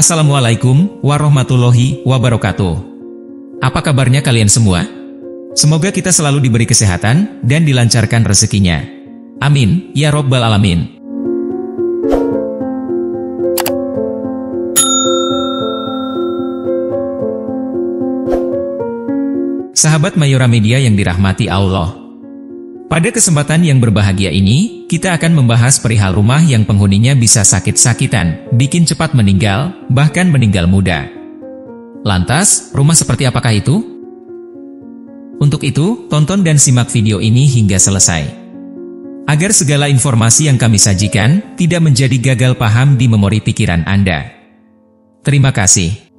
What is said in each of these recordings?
Assalamualaikum warahmatullahi wabarakatuh. Apa kabarnya kalian semua? Semoga kita selalu diberi kesehatan dan dilancarkan rezekinya. Amin, ya robbal alamin. Sahabat Mayora Media yang dirahmati Allah, pada kesempatan yang berbahagia ini, kita akan membahas perihal rumah yang penghuninya bisa sakit-sakitan, bikin cepat meninggal, bahkan meninggal muda. Lantas, rumah seperti apakah itu? Untuk itu, tonton dan simak video ini hingga selesai. Agar segala informasi yang kami sajikan, tidak menjadi gagal paham di memori pikiran Anda. Terima kasih.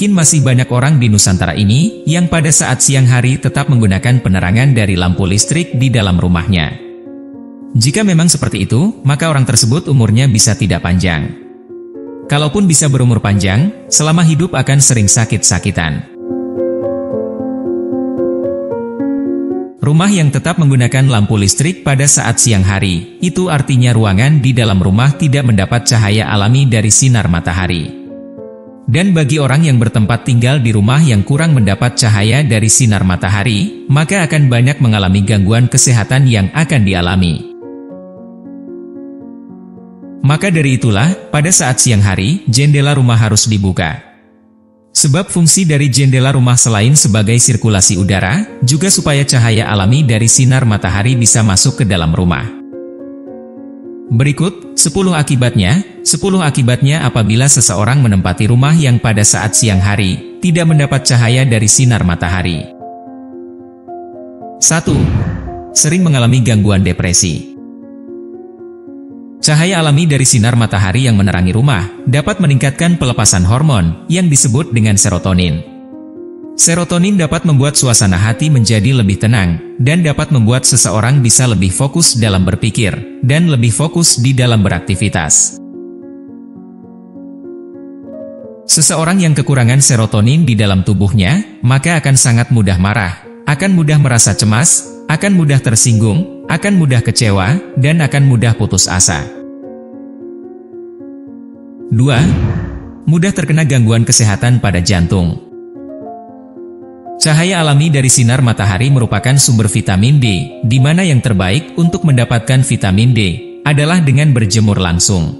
Mungkin masih banyak orang di Nusantara ini yang pada saat siang hari tetap menggunakan penerangan dari lampu listrik di dalam rumahnya. Jika memang seperti itu, maka orang tersebut umurnya bisa tidak panjang. Kalaupun bisa berumur panjang, selama hidup akan sering sakit-sakitan. Rumah yang tetap menggunakan lampu listrik pada saat siang hari, itu artinya ruangan di dalam rumah tidak mendapat cahaya alami dari sinar matahari. Dan bagi orang yang bertempat tinggal di rumah yang kurang mendapat cahaya dari sinar matahari, maka akan banyak mengalami gangguan kesehatan yang akan dialami. Maka dari itulah, pada saat siang hari, jendela rumah harus dibuka. Sebab fungsi dari jendela rumah selain sebagai sirkulasi udara, juga supaya cahaya alami dari sinar matahari bisa masuk ke dalam rumah. Berikut, 10 akibatnya. 10 akibatnya apabila seseorang menempati rumah yang pada saat siang hari, tidak mendapat cahaya dari sinar matahari. 1. Sering mengalami gangguan depresi. Cahaya alami dari sinar matahari yang menerangi rumah dapat meningkatkan pelepasan hormon yang disebut dengan serotonin. Serotonin dapat membuat suasana hati menjadi lebih tenang, dan dapat membuat seseorang bisa lebih fokus dalam berpikir, dan lebih fokus di dalam beraktivitas. Seseorang yang kekurangan serotonin di dalam tubuhnya, maka akan sangat mudah marah, akan mudah merasa cemas, akan mudah tersinggung, akan mudah kecewa, dan akan mudah putus asa. 2. Mudah terkena gangguan kesehatan pada jantung Cahaya alami dari sinar matahari merupakan sumber vitamin D, di mana yang terbaik untuk mendapatkan vitamin D adalah dengan berjemur langsung.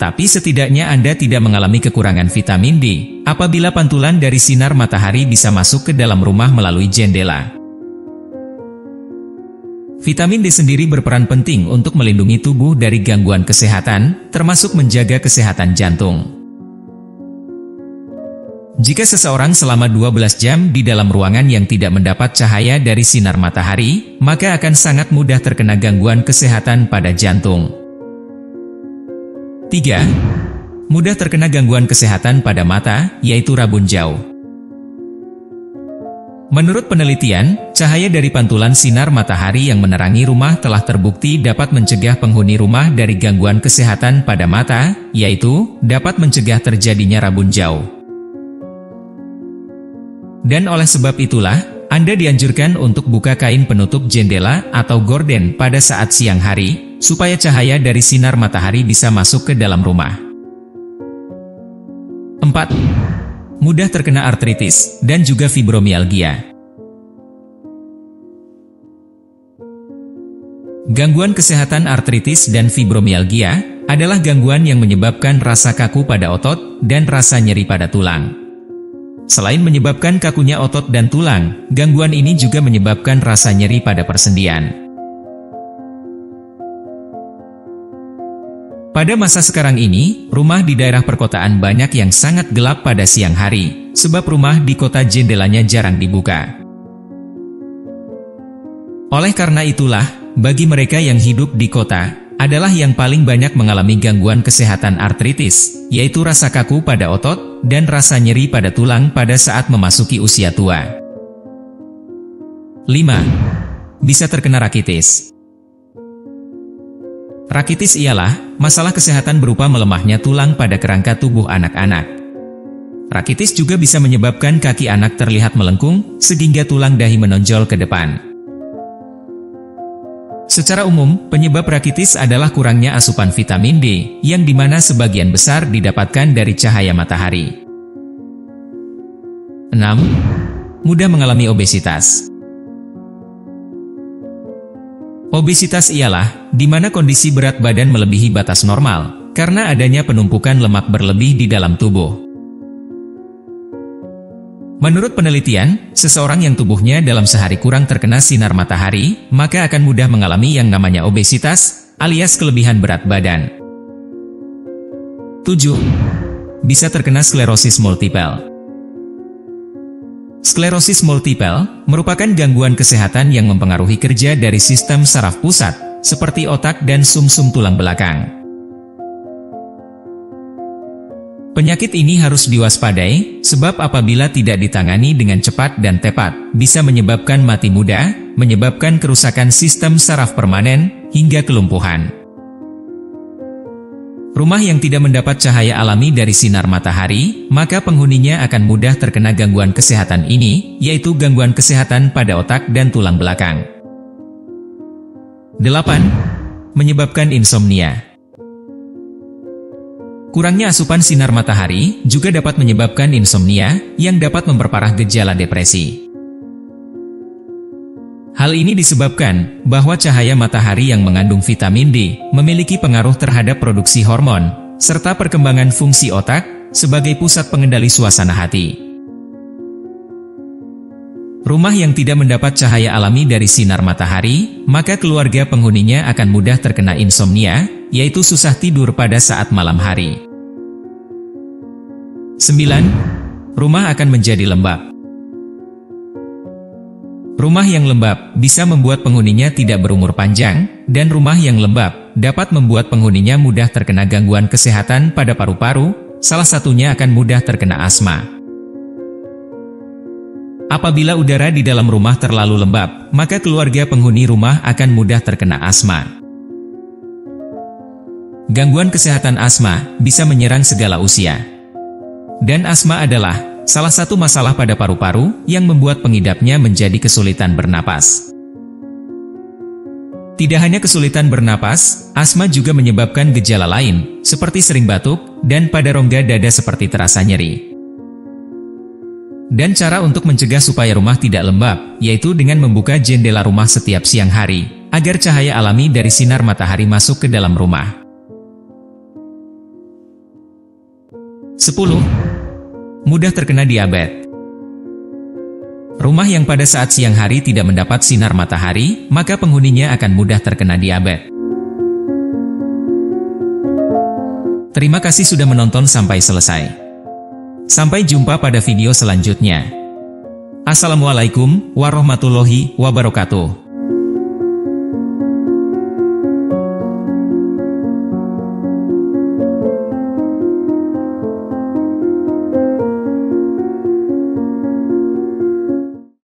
Tapi setidaknya Anda tidak mengalami kekurangan vitamin D apabila pantulan dari sinar matahari bisa masuk ke dalam rumah melalui jendela. Vitamin D sendiri berperan penting untuk melindungi tubuh dari gangguan kesehatan, termasuk menjaga kesehatan jantung. Jika seseorang selama 12 jam di dalam ruangan yang tidak mendapat cahaya dari sinar matahari, maka akan sangat mudah terkena gangguan kesehatan pada jantung. 3. Mudah terkena gangguan kesehatan pada mata, yaitu rabun jauh. Menurut penelitian, cahaya dari pantulan sinar matahari yang menerangi rumah telah terbukti dapat mencegah penghuni rumah dari gangguan kesehatan pada mata, yaitu dapat mencegah terjadinya rabun jauh. Dan oleh sebab itulah, Anda dianjurkan untuk buka kain penutup jendela atau gorden pada saat siang hari, supaya cahaya dari sinar matahari bisa masuk ke dalam rumah. 4. Mudah terkena artritis dan juga fibromialgia. Gangguan kesehatan artritis dan fibromialgia adalah gangguan yang menyebabkan rasa kaku pada otot dan rasa nyeri pada tulang. Selain menyebabkan kakunya otot dan tulang, gangguan ini juga menyebabkan rasa nyeri pada persendian. Pada masa sekarang ini, rumah di daerah perkotaan banyak yang sangat gelap pada siang hari, sebab rumah di kota jendelanya jarang dibuka. Oleh karena itulah, bagi mereka yang hidup di kota, adalah yang paling banyak mengalami gangguan kesehatan artritis, yaitu rasa kaku pada otot, dan rasa nyeri pada tulang pada saat memasuki usia tua. 5. Bisa terkena rakitis Rakitis ialah masalah kesehatan berupa melemahnya tulang pada kerangka tubuh anak-anak. Rakitis juga bisa menyebabkan kaki anak terlihat melengkung, sehingga tulang dahi menonjol ke depan. Secara umum, penyebab rakitis adalah kurangnya asupan vitamin D, yang dimana sebagian besar didapatkan dari cahaya matahari. 6. Mudah mengalami obesitas Obesitas ialah, di mana kondisi berat badan melebihi batas normal, karena adanya penumpukan lemak berlebih di dalam tubuh. Menurut penelitian, seseorang yang tubuhnya dalam sehari kurang terkena sinar matahari, maka akan mudah mengalami yang namanya obesitas, alias kelebihan berat badan. 7. Bisa terkena sklerosis multiple. Sklerosis multiple merupakan gangguan kesehatan yang mempengaruhi kerja dari sistem saraf pusat, seperti otak dan sumsum -sum tulang belakang. Penyakit ini harus diwaspadai, sebab apabila tidak ditangani dengan cepat dan tepat, bisa menyebabkan mati muda, menyebabkan kerusakan sistem saraf permanen, hingga kelumpuhan. Rumah yang tidak mendapat cahaya alami dari sinar matahari, maka penghuninya akan mudah terkena gangguan kesehatan ini, yaitu gangguan kesehatan pada otak dan tulang belakang. 8. Menyebabkan insomnia Kurangnya asupan sinar matahari juga dapat menyebabkan insomnia yang dapat memperparah gejala depresi. Hal ini disebabkan bahwa cahaya matahari yang mengandung vitamin D memiliki pengaruh terhadap produksi hormon serta perkembangan fungsi otak sebagai pusat pengendali suasana hati. Rumah yang tidak mendapat cahaya alami dari sinar matahari, maka keluarga penghuninya akan mudah terkena insomnia, yaitu susah tidur pada saat malam hari. 9. Rumah akan menjadi lembab. Rumah yang lembab bisa membuat penghuninya tidak berumur panjang, dan rumah yang lembab dapat membuat penghuninya mudah terkena gangguan kesehatan pada paru-paru, salah satunya akan mudah terkena asma. Apabila udara di dalam rumah terlalu lembab, maka keluarga penghuni rumah akan mudah terkena asma. Gangguan kesehatan asma bisa menyerang segala usia. Dan asma adalah salah satu masalah pada paru-paru yang membuat pengidapnya menjadi kesulitan bernapas. Tidak hanya kesulitan bernapas, asma juga menyebabkan gejala lain, seperti sering batuk, dan pada rongga dada seperti terasa nyeri. Dan cara untuk mencegah supaya rumah tidak lembab, yaitu dengan membuka jendela rumah setiap siang hari, agar cahaya alami dari sinar matahari masuk ke dalam rumah. 10. Mudah terkena diabetes Rumah yang pada saat siang hari tidak mendapat sinar matahari, maka penghuninya akan mudah terkena diabetes. Terima kasih sudah menonton sampai selesai. Sampai jumpa pada video selanjutnya. Assalamualaikum warahmatullahi wabarakatuh.